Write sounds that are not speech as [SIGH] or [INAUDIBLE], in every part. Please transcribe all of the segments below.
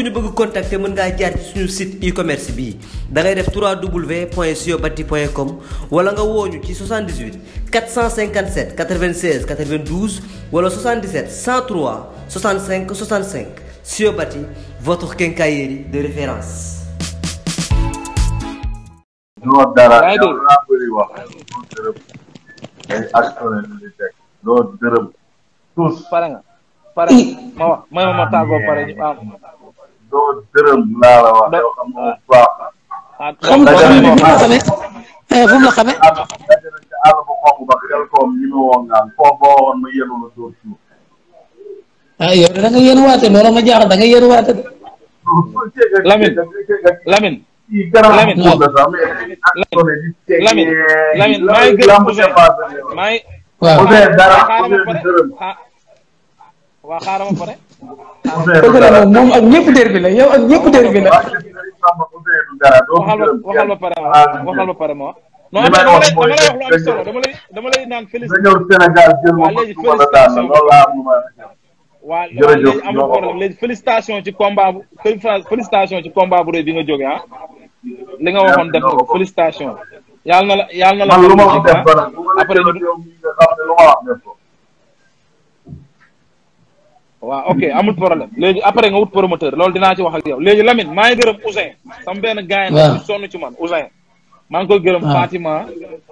ku ñu bëgg contacter mën ngaa jaar ci suñu site e-commerce bii da ngay def www.siobati.com wala nga wooñu ci 78 457 96 92 wala 77 103 65 65 Siobati votre quincaillerie de référence. doo dara yow laa bëri wax doo dërëm ay action yi ñu teg doo dërëm tous pare nga pare ma ah, doo dërëm laa la wax yow xam nga bu baax ah, xam nga eh, xam nga bu ma xamee bu ma xamee. àll bu xonq ba xel koom ñi ma woo ngaan foo boo woon ma yenu la dóor suuf. ah yow da nga yéen waate loolu ma jaaxal da nga yéen waate de. Lamine Lamine. Lamine Lamine Lamine maa ngi gërëm Ousseyn maa ngi. Ah. waaw xaaral ma pare. ah moom ak ñëpp dër bi la yow ak ñëpp la. waxal waxal ba pare ma waxal ba pare ma. dama lay wax lu am solo dama lay dama lay naan félicitations. waaw léegi félicitation waaw léegi ci combat bu félicitation ci combat bu rëy bi nga jógee ah. li nga waxoon def na félicitation. yàlla na la yàlla na la. man lu ma waaw ok amul problème léegi après nga wut promoteur lool dinaa ci wax ak yow léegi Lamine maa ngi gërëm Ousin sama benn gars yi sonn ci maa ngi koy gërëm Fatima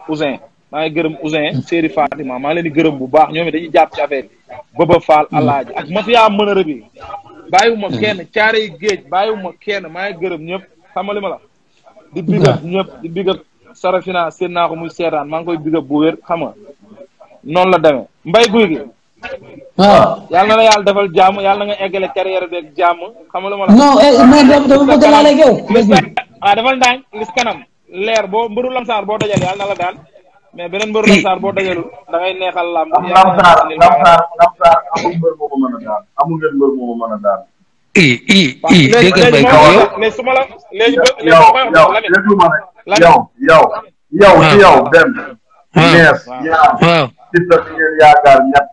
Ousin maa ngi gërëm Ousin Séri Fatima maa ngi leen di gërëm bu baax ñoom it dañuy jàpp ci affaire bi Baba Fall mm. Alaaji ak Mafia mën a rëbi bàyyiwuma mm. kenn caare yi géej bàyyiwuma kenn maa ngi gërëm ñëpp xam nga li ma la di bigab ñëpp di bigab Sarafina seen naa ko muy seetaan maa ngi koy bigab bu wér xam nga noonu la demee mbay guy gi waaw ah. ah. yàlla na la yàlla defal jàmm yàlla na nga eggale carrière beeg jàmm. xam nga lu ma la. non eh, ah, mais dafa bëgg laa lay gëw. waaw defal ndaañ lis leer boo mbëru lamsaar boo dajal yàlla na la daan mais beneen mbëru lamsaar boo dajalul da ngay neexal lamb. lamsaar lamsaar a daan amul ngeen mbër a i i i dégg nga béykat yow léegi su ma la léegi yow yow yow yow yow yow waaw Siteu bi ngeen yaakaar ñett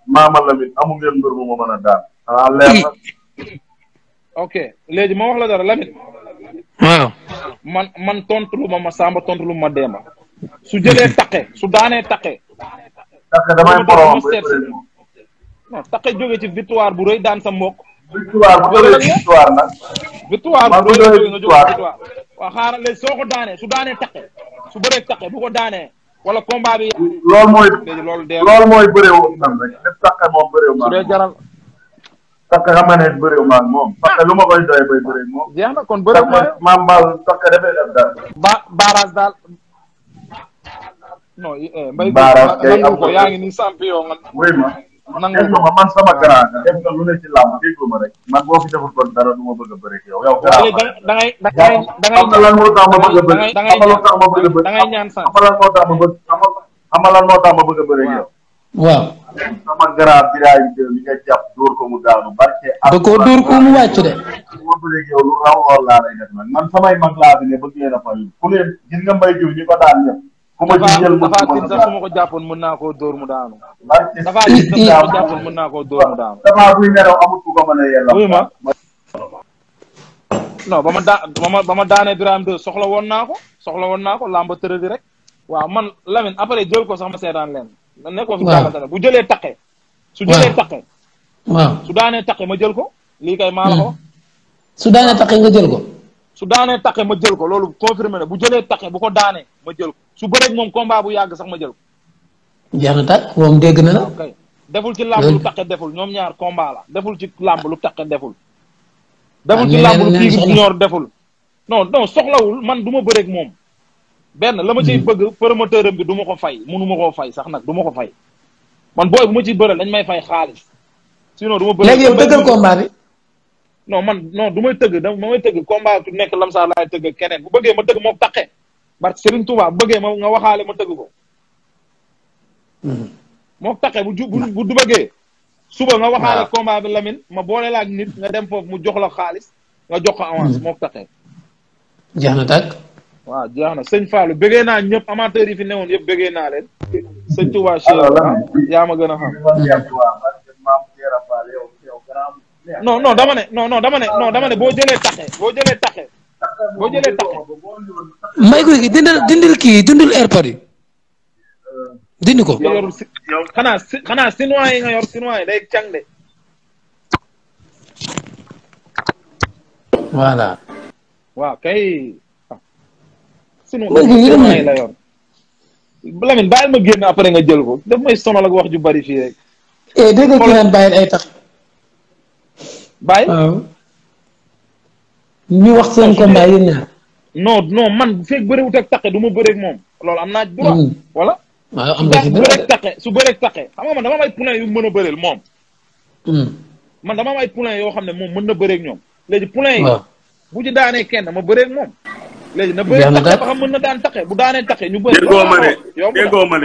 a ok léegi ma wax la dara Lamine. man man tontu lu ma ma Samba tontu lu ma Demba. su jëlee taqe su daanee taqe. taqe damay boromam ba jóge ci victoire bu rëy daan sa mbokk. victoire bu rëy victoire victoire bu xaaral léegi soo ko daanee su daanee taqe su bëree taqe bu ko daanee. wala combat bi. loolu mooy loolu mooy bëreewul man rek lépp Sakka moom bëreewul man. su dee jaral Sakka xam man moom. parce que lu ma koy doyee bay moom. jeex na kon bëreewul man Sakka maam Baal Sakka def daal. ba baaraas daal. non eh mbay. baaraas kay am ko yaa ngi nii champion nga. ma man sama grand def nga lu ne ci làmb déglu ma rek man boo fi deful kon dara du ma bëgg a bëri yow a bëri da ma bëgg a bëri da ngay a bëri waaw sama dóor ko mu daanu barke da koo dóor ko mu wàcc de ma bëgg yow lu raw laa lay def nag man samay mag laa bi ne bëgg ngeen a ku leen gis nga mbay jiw ñi ko daan ñëpp ku ma ci jël ma ko sax su ma ko jàppoon mën naa koo dóor mu daanu. dafa am sax su ma ko jàppoon naa koo dóor mu daanu. damaa buy ma. non ba ma daa ba ma ba ma daanee Birame de soxla woon naa ko soxla woon na ko làmba tërëdi rek. waaw man Lamine après jël ko sax ma seetaan leen. waaw nekkoon fi jàppante bu jëlee taqe. su jëlee taqe. waaw su daanee taqe ma jël ko. lii kay maa la ko. su daanee taqe nga jël ko. su daanee taqe ma jël ko loolu confirmé na bu jëlee taqe bu ko daanee ma jël ko su bëreeg moom combat bu yàgg sax ma jël ko. jeex na moom dégg na la. deful ci làmb lu taqe deful ñoom ñaar combat la deful ci làmb lu taqe deful. deful ah, ci làmb ñor deful. no non soxlawul man du ma bëreeg moom. benn la ma ciy hmm. bëgg promoteur am bi du ma ko fay mënu ma koo fay sax nag du ma ko fay man booy bu ma ciy bëre dañ may fay xaalis. sinon du ma bëreeg léegi yow dëggal non man non du may tëgg da ma may tëgg combat ku nekk lamsaar laay tëgg keneen bu bëggee ma tëgg moom taqe barke Serigne Touba bu bëggee ma nga waxaale ma tëgg ko. Mm-hmm. moom taqe bu ju bu du bëggee. suba nga waxaale combat bi ma boole la ak nit nga dem foofu mu jox la xaalis nga jox ko avance mm-hmm. moom taqe. jeex na tàkk. waaw jeex na sëñ Fallou bëggee naa ñëpp amateurs yi fi newoon yëpp bëggee naa leen. sëñ Touba Cheikh yaa ma gën a xam. non non dama ne non dama ne non dama ne boo jëlee taxe boo jëlee taxe boo jëlee may guy gi dindal dindal kii dindal airpod yi dindi ko. yow xanaa si yi nga yor chinois yi day càng de. voilà. waaw kay. sunu chinois ma génn après nga jël ko daf may sonal ak wax ju bari fii rek. eh dégg kii naan bàyyil ay tax. bàyyi waaw. ñu wax seen combat yi ñaar. non non man bu fekk bëriwut ak taqe du ma bëreeg moom loolu am naa droit. wala mm. waaw am su bëreeg taqe su bëreeg taqe xam nga man dama am ay yu mën a bëreel moom. Mm. man dama am ay poulain yoo xam ne moom mën na bëreeg ñoom. léegi poulain yi bu ci daanee kenn ma bëreeg moom. léegi na bëreeg taqe ba xam mën na daan taqe bu daanee taqe ñu bëri. déggoo ma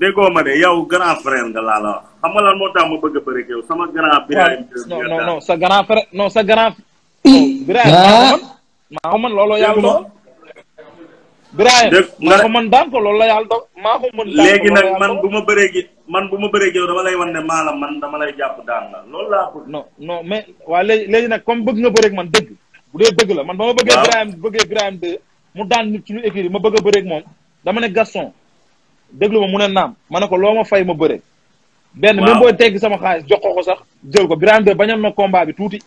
déggoo ma de yow grand frère nga laa la wax xam nga lan moo tax ma bëgg a bëri yow sama grand. Birahim non non non sa grand frère non sa grand. Oh, Birahim maa ah. maa ko mën looloo yàlla doon. Birahim maa ko mën daan loolu la yàlla doon maa ko mën. léegi nag man bu ma bëree gi man bu ma bëree gi yow dama lay wan ne maa man dama lay jàpp daan la loolu laa bëgg. non non waa léegi léegi nag comme bëgg nga bëreeg man dëgg bu dee dëgg la man ba ma bëggee. waaw Birahim bëggee mu daan nit ci lu ma bëgg a bëreeg moom dama ne déglu ma mu ne naam ma ne ko loo ma fay ma bëre. benn même booy tegg sama xaalis jox ko ko sax jël ko Birame de bañam na combat bi tuuti.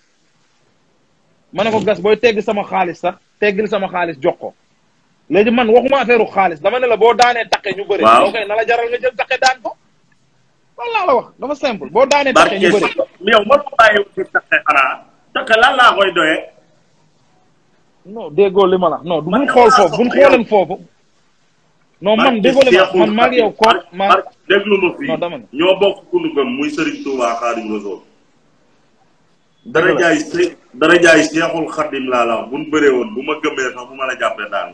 ma ne ko gas booy tegg sama xaalis sax teggil sama xaalis jox ko. léegi man waxuma affaire xaalis dama ne la boo daanee taqe ñu bëri. waaw koy na la jaral nga jël taqe daan ko. loolu laa la wax dafa simple boo daanee taqe ñu bëri. yow man ma déggoo li ma la non du xool foofu bu ñu foofu. non man déggoo man maa ngi yow kon man déglu ma fii ñoo bokk ku nu gëm muy Serigne Touba Xaadimu Rasuul dara jaay se dara jaay Seexul Xadim laa la bu nu bëree woon bu ma gëmee sax bu ma la jàppee daan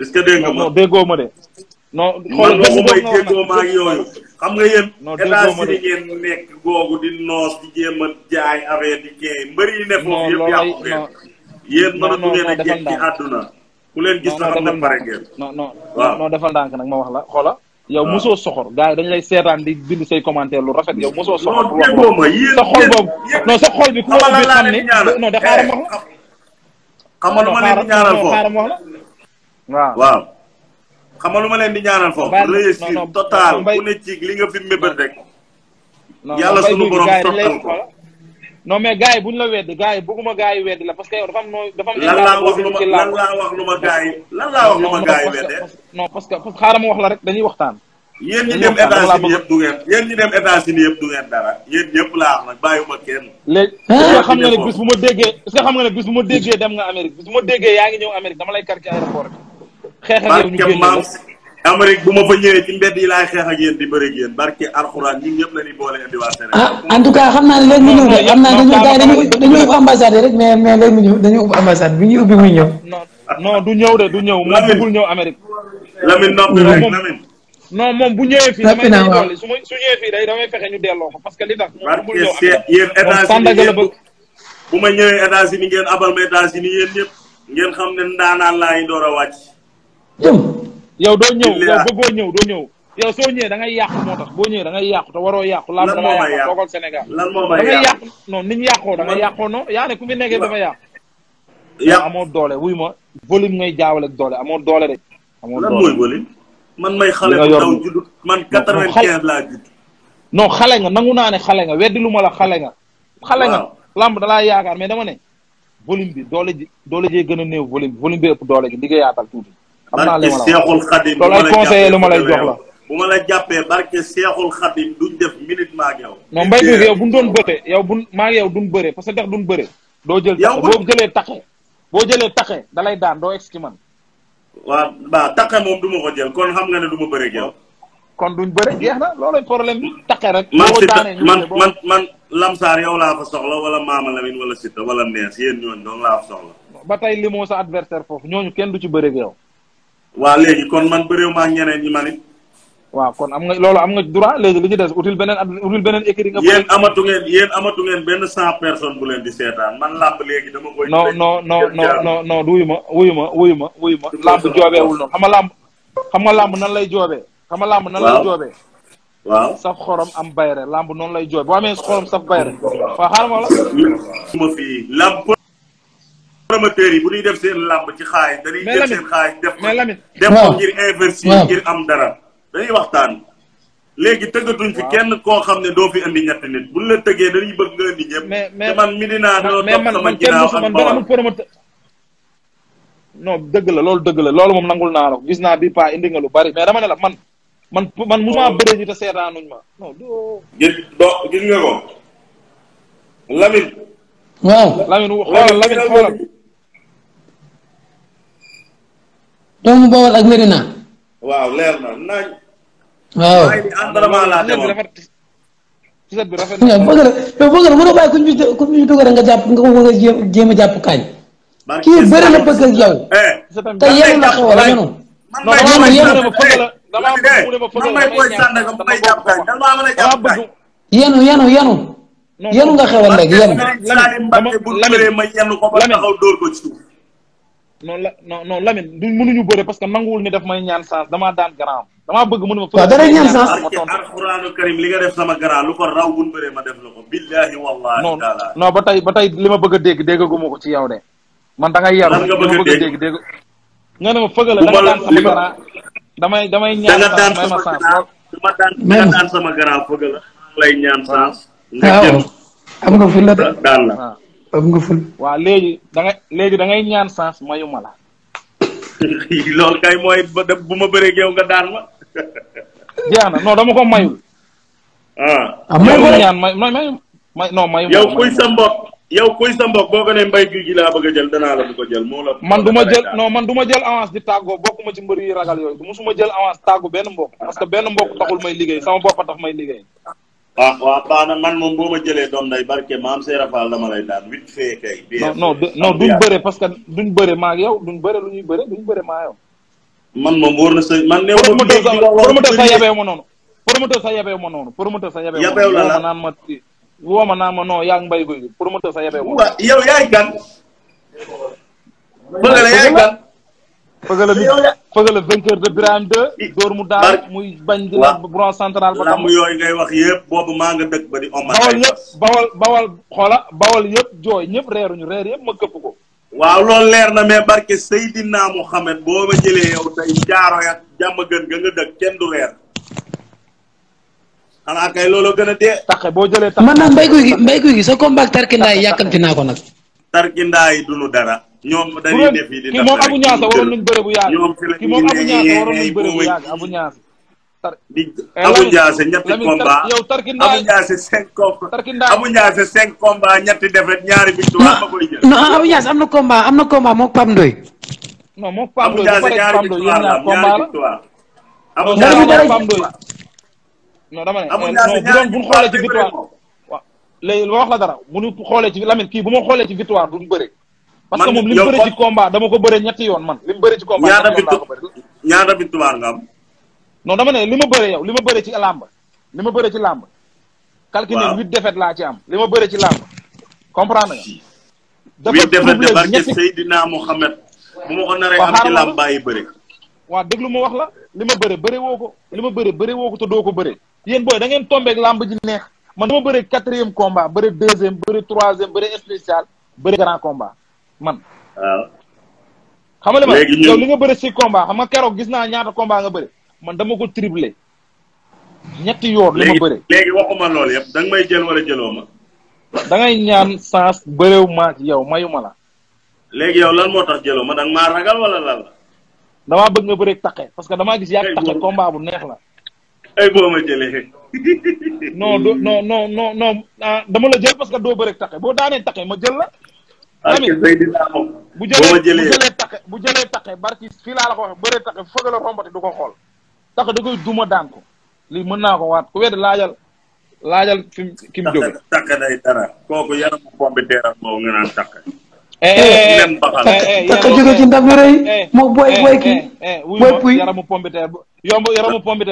est-ce que dégg nga ma déggoo ma de. non xool waxumay déggoo ma ak yooyu. xam nga yéen état si ngeen nekk googu di noos di jéem a jaay affaire di kii mbëri yi ne foofu yëpp yàqu ngeen yéen mën a duggee a jeex ci àdduna ku leen gis na xam ne pare defal ndànk nag ma wax la xoola yow mosoo soxor gars yi dañu lay seetaan di bind say commentaire lu rafet yow mosoo soxor sa xol boobu non sa xol bi ku wax bi xam ne non da xaaram wax la eh, xamal lu ma leen di ñaanal foofu xaaram wax la waaw waaw xamal lu ma leen di ñaanal foofu réussite ne ci li nga fi mébét rek yàlla sunu borom tottal ko non mais gars yi bu ñu la weddi gars yi bëgguma gars yi weddi la parce que dafa am noo dafa am. lan laa wax wax lu ma gars yi lan wax lu ma gars yi weddee. parce que parce que xaaral ma wax la rek dañuy waxtaan. yéen ñi dem États-Unis yëpp du ngeen yéen ñi dem États-Unis yëpp du ngeen dara yéen ñëpp laa wax nag bàyyiwuma kenn. léegi ah, est-ce xam nga ne bis bu ma déggee est xam nga ne bis bu ma déggee dem nga Amérique bis bu ma déggee yaa ngi ñëw Amérique dama lay kar ci aéroport bi. xeexal yow ñu génn Amérique bu ma fa ñëwee ci mbedd yi laay xeex ak yéen di bëri ak yéen barke alxuraan ñun ñëpp la ñuy boole indi waa Sénégal. ah en tout cas xam naa ne léegi ñëw de xam naa dañuy gars ñëw de du ñëw. moom bu ñëwee fii damay damay su ma su ñëwee fii day damay fexe ñu delloo ko parce que li tax. moom bëggul ñëw Amérique moom bu ma ñëwee États-Unis ngeen abal ma États-Unis yéen ñëpp ngeen xam ne ndaanaan laay door a wàcc yow doo ñëw yow bëggoo ñëw doo ñëw yow soo ñëwee da ngay yàqu moo tax boo ñëwee da yàqu te waroo yàqu laam da nga yàqu toogal Sénégal lan moo may da yàqu non ni ñu yàqoo da ngay yàqoo non yaa ne ku fi nekkee dafa yàqu yàqu amoo doole wuy ma volume ngay jaawale ak doole amoo doole rek lan mooy man may xale bu ndaw judd man quatre vingt xale nga nangu naa ne xale nga weddi lu ma la xale nga xale nga lamb dalaa yaakaar mais dama ne volume bi doole ji doole jee gën a néew volume bi volume bi ëpp doole gi liggéeyaatal tuuti barke Seexul Xadim loolu ay conseiller lu ma lay jox la bu ma la jàppee barke Seexul Xadim duñ def minute maa ngi yow non mbay bi yow buñ doon bëte yow buñ maa ngi yow duñ bëre parce que dex duñ bëre doo jël yow boo jëlee taqe boo jëlee taqe da lay daan doo ex ci man waaw waa taqe moom du ma ko jël kon xam nga ne du ma bëre ak yow kon duñ bëre jeex na loolu problème bi taqe rek man man man lamsaar yow laa fa soxla wala maama Lamine wala Siteu wala nees yéen ñooñu doon laa fa soxla ba tey li moo sa adversaire foofu ñooñu kenn du ci bëre ak waa léegi kon man bëréew maa ñeneen ñi ma nit waaw kon am nga loolu am nga droit léegi li ci des util beneen at util beneen écrit nga. yéen amatu ngeen yéen amatu ngeen benn cent personnes bu leen di seetaan man làmb léegi dama koy. non non non non non non wuyu ma wuyu ma wuyu ma wuyu ma. làmb joobeewul noonu làmb. xam làmb nan lay joobee. xam nga làmb nan lay joobee. waaw saf xorom am bayre lamb noonu lay joobe boo amee xorom saf bayre. waaw xaaral ma la. promoteurs yi bu ñuy def seen làmb ci xaay dañuy def seen xaay def ko ngir investir ngir am dara dañuy waxtaan léegi tëggatuñ fi kenn koo xam ne doo fi indi ñetti nit buñ la tëggee dañuy bëgg nga indi ñëpp te man mi dinaa doo topp sama ginnaaw ak bawal dëgg la loolu dëgg la loolu moom nangul gis naa bi pas indi nga lu bari mais dama ne man man man musuma oh. bëree ji seetaanuñ ma non doo gis doo gis nga ko waaw Lamine xoolal doomu Bawol ak Medina. waaw leer na nañ. waaw maa ngi entraînement laa demoon. set bi rafet na bëgg na bëgg na mën a nga jàpp nga nga jéem a jàpp kañ. kii bëri na bëgg ak yow. te yéen la xaw a yénu. man a jàpp kañ. yénu nga xewal léegi yénu. Salim Mbacke bu ma non la non non Lamine du mënuñu bëre parce que nanguwul ni def may ñaan sens damaa daan grand damaa bëgg mënu li nga def sama grand mun bëree ma def la ko. ba tey ba tey li ma bëgg dégg déggaguma ko ci yow de. man da ngay yaru lan nga bëgg a dégg dégg la da nga damay damay ñaan sens nga daan sama grand fëgal la ñaan nga jël xam nga fi daan la. Ah. a nga ful. waaw léegi da léegi da ngay ñaan sens mayu ma la. [LAUGHS] loolu kay mooy bu ma bëree yow nga daan ma. jeex na non dama ko mayul. ah, ah mayu ma ñaan may mayu may sa mbokk yow kuy sa mbokk boo ko nee mbay gi laa bëgg a jël danaa la du ko jël moo la. man du ma jël non man du ma jël avance di tàggoo bokk ma mbër yi ragal yooyu du musuma jël avance tàggu benn mbokk parce que benn mbokk taxul may liggéey sama bopp a tax may liggéey. waaw waaw baax man moom boo ma jëlee doom day barke maam Seera Fall dama lay daan huit fee duñ bëre parce que duñ bëre maa ak yow duñ bëre lu ñuy bëre duñ bëre maa yow. man moom wóor na sa man. nee woon bii promoteur sa yabee ma noonu. promoteur sa yabee ma noonu promoteur sa yabee ma ma naan ma woo ma naan yaa ngi mbay guy promoteur sa yabee ma. waaw yaay gan. fëgale vainqueur de Birame door mu daal muy bañ. waaw bron central ba. lamb yooyu ngay wax yëpp boobu maa nga dëkk ba di. om bawal yëpp bawal bawal xoola bawal yëpp jooy ñëpp reeruñu reer yëpp ma këpp ko. waaw lool leer na mais barke Seydina Mohamed boo ma jëlee yow tey jaaro ya jàmm gën nga nga dëkk kenn du reer. xanaa kay looloo gën a dee. taxe boo jëlee taxe man nag mbéy guy gi mbéy guy gi sa combat tarkindaay yàkkamti ko nag. tarkindaay duñu dara. ñoom dañuy def yi di moom Abu Niasse waroon nañ bëre bu yàgg ki moom Abu Niasse waroon nañ bëre bu yàgg Abu Niasse di eh, Abu Niasse Abu Niasse cinq combat Tarkinda Abu cinq combat ñetti défaite ñaari victoire ma am na combat am na combat mook Pam Ndoy non mook Pam Ndoy Abu Niasse ñaari victoire la ñaari victoire Abu Niasse Pam Ndoy non dama ne Abu eh, Niasse ci victoire waaw wax la dara bu ñu xoolee ci Lamine kii bu ma xoolee victoire duñu bëre parce que moom li mu bëri ci combat dama ko bëre ñetti yoon man li mu bëri ci combat ñaata victoire nga am non dama ne li ma bëre yow li ma bëre ci làmb li ma bëre ci làmb calculé huit défaites laa ci am li ma bëre ci làmb comprendre nga huit défaites barke Seydina Mohamed bu ma ko naree am ci làmb bàyyi bëri waaw déglu ma wax la li ma bëre bëre woo ko li ma bëre bëre woo ko te doo ko bëre yéen booy da ngeen tombeeg làmb ji neex man dama bëre quatrième combat bëre troisième bëre spécial bëre man. waaw. xam nga li yow li nga bëri si combat xam nga keroog gis naa ñaata combat nga bëri man dama ko tribule ñetti yoon. li ma bëri léegi waxuma lool yëpp da nga may jël wala jëloo ma. ngay ñaan sens bëreew ma yow mayu la. léegi yow lal moo tax jëloo ma da nga maa ragal wala lan la. bëgg nga bëreeg taqe parce que damaa gis yàgg taqe combat bu neex la. ay boo ma jëlee. non non non non ah, dama la jël parce que doo bëreeg taqe boo daanee taqe ma jël la. Lamine bu jëlee bu jëlee taqe barki fii laa la ko waxee bëree taqe foog la rombati du ko xool taqe da koy duma daan ko lii mën naa ko waat ku wedd laajal laajal fi ki mu jóge taqe day dara kooku yaramu pompe u boobu nga naan taqe même baxal taqe jóge ci ndam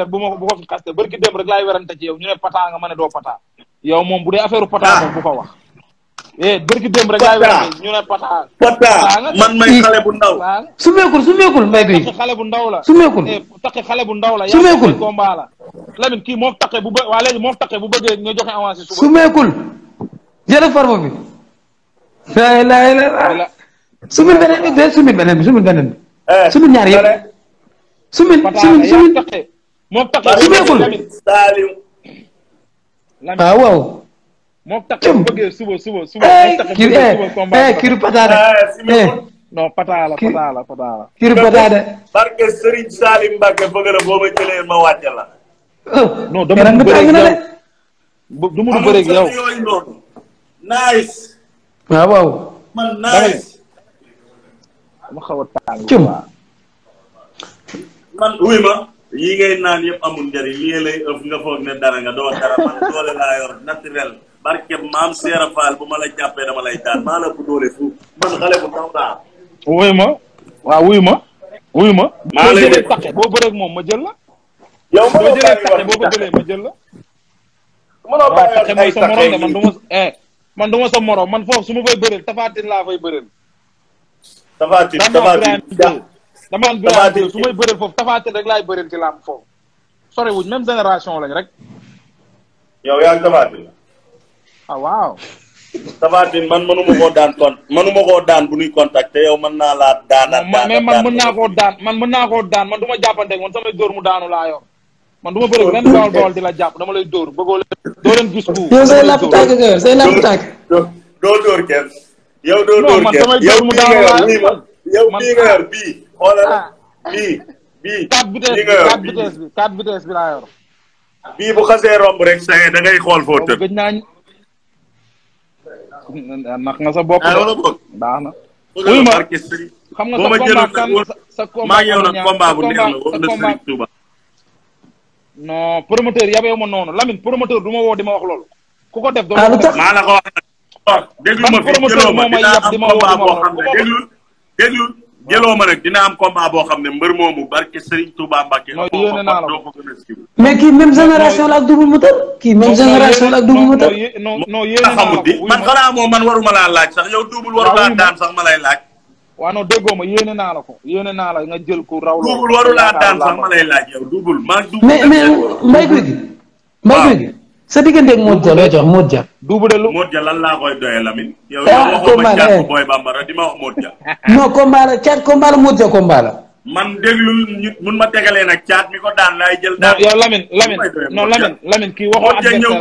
bu ma bu ko xaste bërki dem rek laay werante ci yow ñu ne pataa nga ma pataa yow moom bu dee affaire pataa ah. moom bu ko wax eh bërki démb rek. ñu ne pata pata man may xale bu ndaw. su meekul su meekul mbay bi. takk xale bu ndaw la su meekul. Eh, takk xale bu ndaw la. su meekul combat la. Lamine kii moo takkee bu ba waa léegi moo takkee bu bëggee nga joxe avancé. su meekul jël farba bi. la la la sumul beneen bi de sumul beneen bi sumul beneen bi. Eh, sumul ñaar yëpp. sumul sumul sumul. moo takkee su meekul. waaw waaw. moom tax bu bëggee suba suba suba. Eh, kii eh, eh kiiru pataada. Ah, eh. pataala pataala pataala. kiiru pataada. barke Serigne Salim Mbacke bëgg na boo ma oh. du mu du bëreeg yow. Ah, waaw man nice. man wuy ma. yi ngay naan yëpp amul njëriñ lii lay ëpp nga foog ne dara nga doo dara man doole laa naturel. barke maam Seera Faal bu ma la jàppee dama lay daan maa la bu doole fu man xale bu ndaw laa. wuyu ma waaw wuyu ma. wuyu ma. maa lay def boo jëlee saqe boo bëree ak moom ma jël la. yow ma boo jëlee saqe boo ko jëlee ma jël la. mënoo bàyyi woon ay saqe yi man du ma eh, man du ma sa morom man foofu su ma fay bëreel tafaatin laa fay bëreel. tafaatin tafaatin dama am Birame su may bëreel foofu tafaatin rek laay bëreel ci làmb foofu. sori wuñ même génération lañ rek. yow yaa ngi tafaatin. ah waaw. Tafatin man manuma koo daan kon manuma koo daan bu ñuy naa laa daan mais man man naa koo daan man du ma jàppanteeg man samay dóor mu daanu laa man du ma bëri benn di la jàpp dama lay dóor bëggoo la doo leen gis bu. yow say lapp tàgg nga yor say lapp tàgg. doo dóor kenn. yow doo dóor kenn yow bii nga yor bii ma yow ah. bii bii bi quatre vitesse bi bu xasee romb rek. saa da ngay xool foo tëdd nax nga sa bopp. Ah, baax na. ma xam nga sa combat sa combat bu neex la wax na Serigne Touba. non promoteur yabeewu ma noonu Lamine promoteur du ma woo di ma wax loolu. ku ko def doo ah, maa la ko wax. déglu ma fi jëloo ma dinaa am combat boo xam ne déglu déglu. yeloo ma nag dina am combat boo xam ne mbër moomu barke Serigne baa Mbacke. mooy yónnee naa la ko mais kii même génération la ak double moteur. kii même génération la ak double moteur. non non non yéen a xamut di man xanaa moom man waruma laa laaj sax yow double waru laa daan sax ma lay laaj. waaw non déggoo ma yéene naa la ko yéene naa la nga jël ko raw. double waru laa daan sax ma lay laaj yow double. maa double mais mais gi. mbay guy gi. sa digganteeg Modou Dia looy jox Modou Dia. duubu de lu Modou Dia lan laa koy doyee Lamine. yow eh, yow waxoo ma Thiat eh. Boy Bambara di ma wax Modou Dia. [LAUGHS] non combat la Thiat combat la Modou Dia la. man déglul ñu mun ma tegalee nag Thiat mi ko daan laay jël. daan yow Lamine Lamine non Lamine Lamine kii waxoo. ma ñëw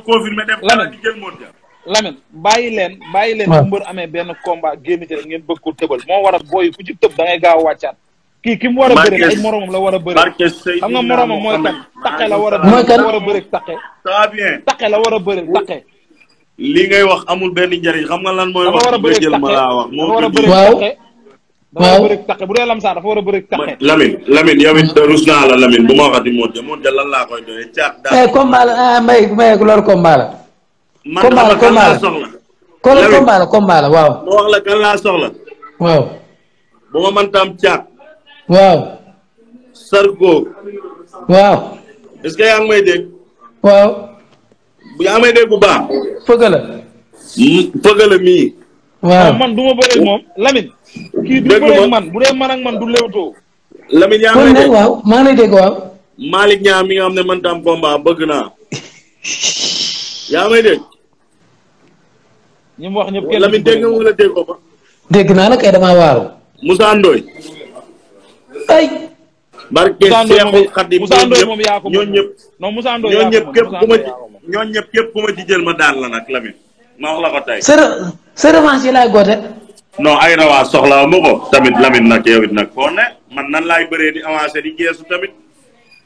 confirmé def dara di jël Modou Dia. leen bàyyi leen. waaw bu mbër amee benn combat gémité ngeen bëgg ko tëbal moo waral booy ku ci tëb da gaaw a kii ki mu war a war a bëri. xam nga moromam mooy kan la war a. mooy kan war a bëri la war a bëri taqe. li ngay wax amul benn njëriñ xam nga lan mooy. wax nga jël waaw waaw a bëri taqe bu dee lamsaar dafa war a bëri taqe. Lamine Lamine la Lamine bu ma waxati Modou Modou laa koy doyee caat. daal eh, la eh, may may loolu combat la. man dama kan laa soxla. combat la combat la waaw. bu ma mën tam waaw. Sarko. waaw. est que yaa may dégg. waaw. yaa may dégg bu baax. fëgg la. Hmm, fëgg waaw ah, man du ma bëreeg moom Lamine. kii du bëreeg man bu dee man ak du lewtoo. Lamine yaa may dégg waaw maa ngi lay dégg waaw. nga xam ne man tam combat bëgg naa. yaa may dégg. ñi wax ñëpp kenn Lamine dégg nga wala déggoo ba. dégg naa la kay damaa waaru. ay barke Seexul Xadim moom yaa ko ñëpp non Moussa Ndoye ñooñu ñëpp képp ku ma ci ñooñu ñëpp képp ku ma ci jël ma daan la nag Lamine ma wax la ko tey sa revanche yi laay goote non ay soxla ma tamit Lamine nag yow it nag foo man nan laay bëree di avancé di geesu tamit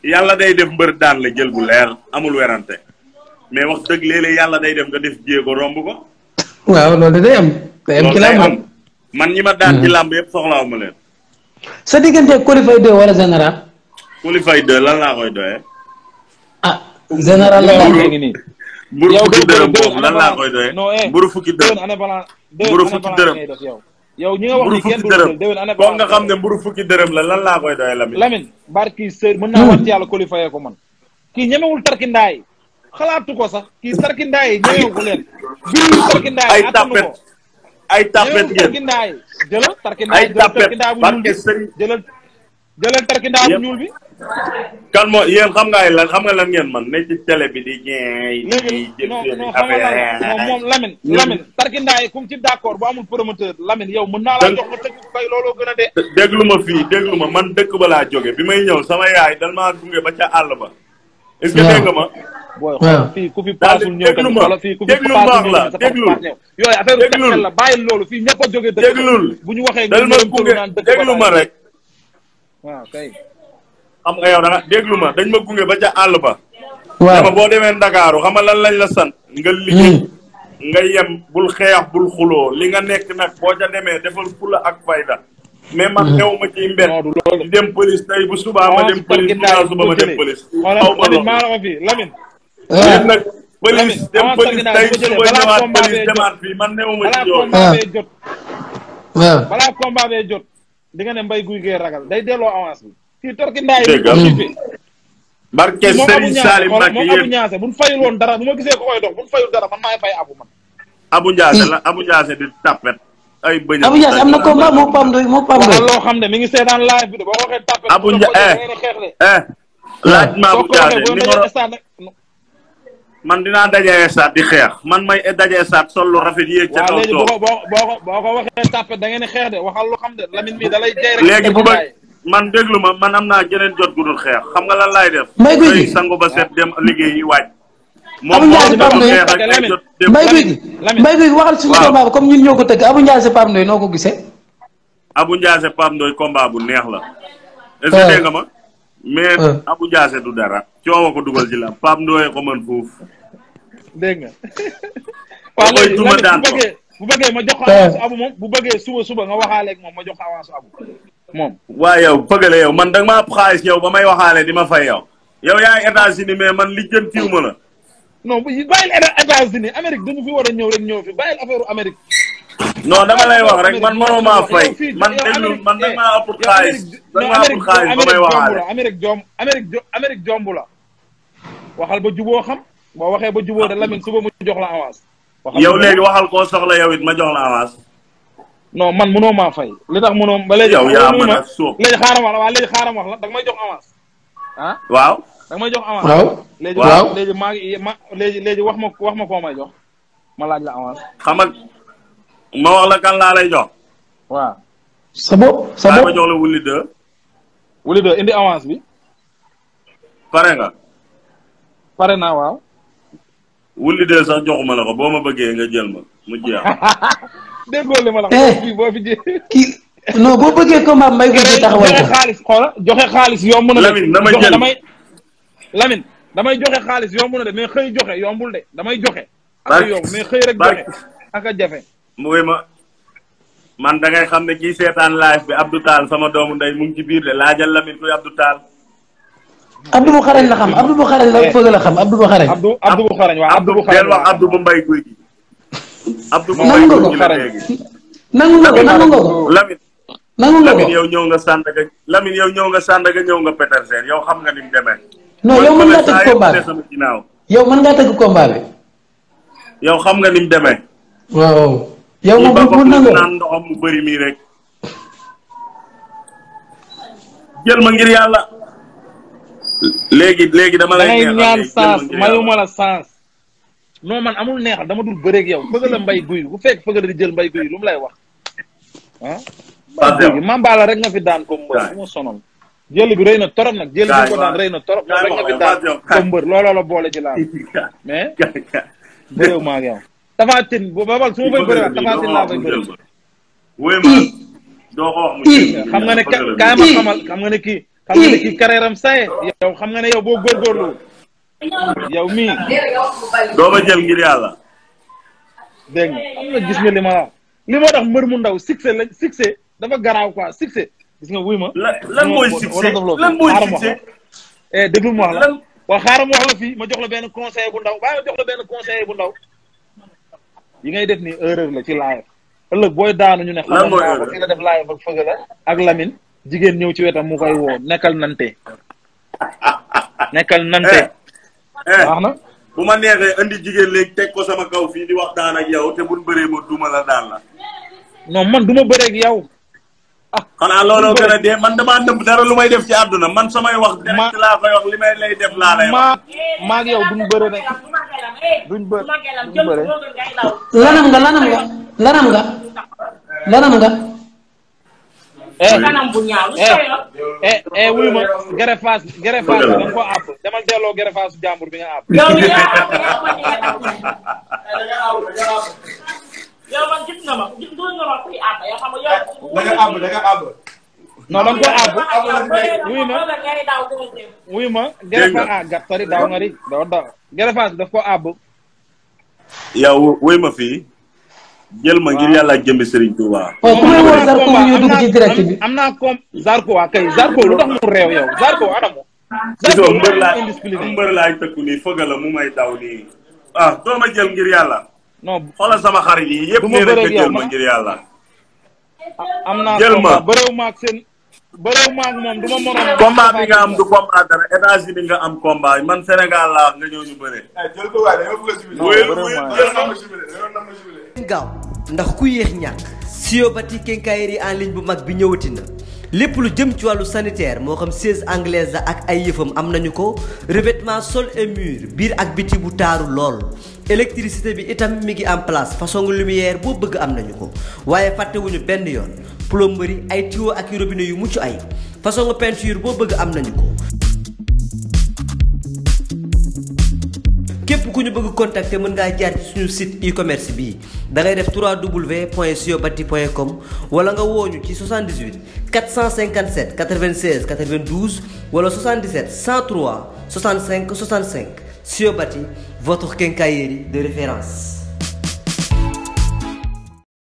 yàlla day def mbër daan la jël bu leer amul werante mais wax dëgg léeg-léeg yàlla day def nga def jéego romb ko waaw loolu day am day man ñi ma daan ci mm-hmm. làmb yëpp soxlaawu ma sa diggante qualifié 2 wala général. qualifié 2 lan laa koy doyee. Ah, général la laa ngi nii. mburu eh, fukki dërëm fukki dërëm mburu fukki dërëm. yow boo nga xam ne mburu fukki dërëm la lan laa koy doyee Lamine. Lamine sër mën naa war ci ko man. kii ñemewul tarkindaay xalaatu ko sax kii tarkindaay ñemewu ko leen. biir tarkindaay attanu ay tapet ngeen jëlal tarkindaay jëlal jëlal tarkindaay bu ñuul bi. kan moo yéen xam nga ay lan xam nga lan ngeen man ne ci télé bi di ñeey. léegi non non xam nga moom Lamine. Lamine tarkindaay comme ci d'accord bu amul promoteur Lamine yow mën naa laa jox ma tëj bay looloo gën a dee. déglu ma fii déglu ma man dëkk ba laa jóge bi may ñëw sama yaay dal maa gunge ba ca àll ba. est-ce ma. booy xool fii ku fi paasul fi paasul ñëw sa paas ñëw yooyu affaire xel a jóge dëkk rek waaw nga yow da déglu ma dañ ma gunge ba ca àll ba dama boo demee ndakaaru xam nga lan lañ la san nga liggéey hmm. nga yem bul xeex bul xuloo li nga nekk nag boo ca demee defal fula ak fayda mais man xew hmm. ma ci mbet dem police tey bu subaa ma dem police bu naa suba dem police xaw ma loolu waaw ah. nag police dem police tey suba ñëwaat police demaat fii ah. Ah. balaa combat bee jot. di nga ne mbay guy gee ragal day delloo avance bi. fii torki ndaay bi dégg mm. barke Serigne Salim Mbacké yëpp moom Abu bu ñu fayul woon dara bu ma gisee ko koy dox bu ñu fayul dara man maay fay abu man. Abu Ñaase mm. la Abu Ñaase di tapet. Abu Ñaase am na combat moo pam doy moo pam doy. loo xam ne mi ngi seetaan live bi de boo ko waxee tapet. Abu man dinaa dajee saat di xeex man may dajee saat sol lu rafet yéeg ca kaw léegi ko boo ko waxee tàppe da ngeen xeex de waxal xam de Lamine mi da lay jey léegi bu ba man déglu ma man am naa geneen jot gudul xeex xam nga lan laay def mbay guy gi sangu ba set dem liggéey yi moom mbay guy gi mbay guy gi waxal suñu combat bi comme ñun ñoo ko tëgg Abou Ndiassé Pape Ndoye noo ko gisee Abou Ndiassé Pape Ndoye combat bu neex la euh. est-ce que mais euh. Abou Diassé du dara coow ko dugal ci la Pape Ndoye ko man foofu. dégg [LAUGHS] bu bëggee ma jox ko eh. avance abu moom bu bëggee suba suba nga waxaale ak moom ma jox ko abu moom. waa yow pëgale yow man da nga maa xaalis yow ba may waxaale di ma fay yow. yow yaay États-Unis mais man li jëm tiw ma la. non bàyyil États-Unis Amérique dañu fi war ñëw rek ñëw fi bàyyil affaire Amérique. non dama lay wax rek man mënoo maa fay man déglu man da maa ëpp xaalis da maa ëpp xaalis ba may waxaale Amérique jom Amérique jombu la waxal ba juboo xam boo waxee ba juboo da Lamine suba mu jox la avance yow léegi waxal koo soxla yow it ma jox la avance non man mënoo ma fay li tax mënoo ba léegi yow yaa mën a suuf léegi xaaram wax la waa da nga may jox avance ah waaw da may jox avance waaw léegi léegi maa ngi ma léegi léegi wax ma wax ma koo may jox ma laaj la avance ma wax la kan laa lay jox. waaw. sa bopp sa bopp ma jox la wuli deux. wuli deux indi avance bi. pare nga. pare naa waaw. wuli deux sax joxuma na ko boo ma bëggee nga jël ma mu jeex. [LAUGHS] déggoo li ma la ko eh. boo fi kii non boo bëggee combat may ko ci taxawal ko xaalis joxe xaalis yomb damay jël damay joxe xaalis yomb na de mais xëy joxe yombul de damay joxe. ak yomb mais joxe ak a jafe. mu wéy ma man da xam ne kii seetaan live bi Abdou Tall sama doomu ndey mu ngi ci biir de laajal Lamine kuy Abdou Tall. Abdou bu xarañ la xam Abdou bu xarañ la xam Abdou bu xarañ. Abdou Abdou bu xarañ waaw Abdou bu bu mbay guy gi. Abdou bu mbay guy gi nangu nga ko nangu nga ko Lamine. nangu nga ko Lamine yow ñëw nga Sandaga Lamine yow ñëw nga Sandaga ñëw nga Petersen yow xam nga ni mu demee. non mën ngaa tëgg combat bi xam nga ni mu demee. waaw. yow moom bu mu ndoxam mu bëri mii rek. jël ma ngir yàlla. léegi léegi dama lay. neexal ñaan sens mayuma la sens. non man amul neexal dama dul bëreeg yow fëgg mbay guy bu fekk fëgg di jël mbay guy lu mu lay wax. ah. Fatou rek nga fi daan ko mbër bu ma na torop nag jël bi na torop. rek nga fi daan ko boole ci laa [LAUGHS] mais. bëreew ma ak yow. tafaatin bu babal su ma fay bëriwaat tafaatin laa fay bëri. doo ko wax xam nga ne kaay ma xamal xam xam nga ne kii carrière am saye yow xam nga ne yow boo góorgóorlu doo ma jël ngir yàlla. dégg nga xam nga gis nga li ma la wax li moo tax mbër mu ndaw succès la succès dafa garaaw quoi succès gis nga wuy ma. la lan mooy succès lan mooy succès eh, déglu ma wax la. waaw xaaral ma wax la fii ma jox la benn conseil bu ndaw waaye ma jox la benn conseil bu ndaw. yi ngay def ni erreur la ci live ëllëg booy daanu ñu ne. lan mooy erreur xam nga def live ak fëgg la ak lamin jigéen ñëw ci wetam mu koy woo nekkal nante. nekkal nante. wax eh, eh, na. bu ma neexee indi jigéen léegi teg ko sama kaw fii di waxtaan ak yow te buñ bëree ma duma la daan la. non man du ma bëree ak yow. xanaa looloo man damaa dëpp dara lu may def ci àdduna man samay wax. direct laa koy wax li may lay def laa lay wax. maa ak yow duñ bëre nag duñ bë duñ lanam nga lanam nga lanam nga lanam nga. bu ñaaw. eh eh wuy ma gerefaas gerefaas bi da nga ko àpp demal delloo gerefaasu jàmbur bi nga àpp. [LAUGHS] yow gis nga ma gis nga ko àbb. Eh, wuyu ma wuyu ma. dégg nga ah gàtt sori daaw nga di daaw daaw. gërëfaas daf ko àbb. yow wuyu ma fii. jël ma ngir yàlla ak jëmbi Serigne Touba. waaw ku may woo Zarko am naa koom Zarko waa kay Zarko lu tax mu réew yow Zarko anamu. Zarko mbër laa tëkku nii fëgg mu may daw nii. ah doo jël ngir yàlla. non xoolal sama xarit yi yëpp nee nañ ko jël ma ngir yàlla. am naa jël ma bëreew ma moom du nga am du combat dara États-Unis nga am combat man Sénégal laa wax nga ñëw ñu bëre. Eh, jël ko waaye dañoo bëgg a jubilé. non gaaw ndax ku yéex ñàkk. siyobati en ligne bu mag bi ñëwati na. lépp lu jëm ci wàllu sanitaire moo xam siège anglaise la ak ay yëfam am nañu ko revêtement sol et biir ak biti bu taaru lool. électricité bi itam mi ngi en place façon lumière boo bëgg am nañu ko waaye fàttewuñu benn yoon plomberie ay tuyaux ak robine yu mucc ay façon peinture boo bëgg am nañu ko. képp ku ñu bëgg contacter mën ngaa jaar ci suñu site e-commerce bi da ngay def 3w point siobati point com wala nga wooñu ci 78 457 96 92 wala 77 103 65 65 siobati. votre quincaillerie de référence.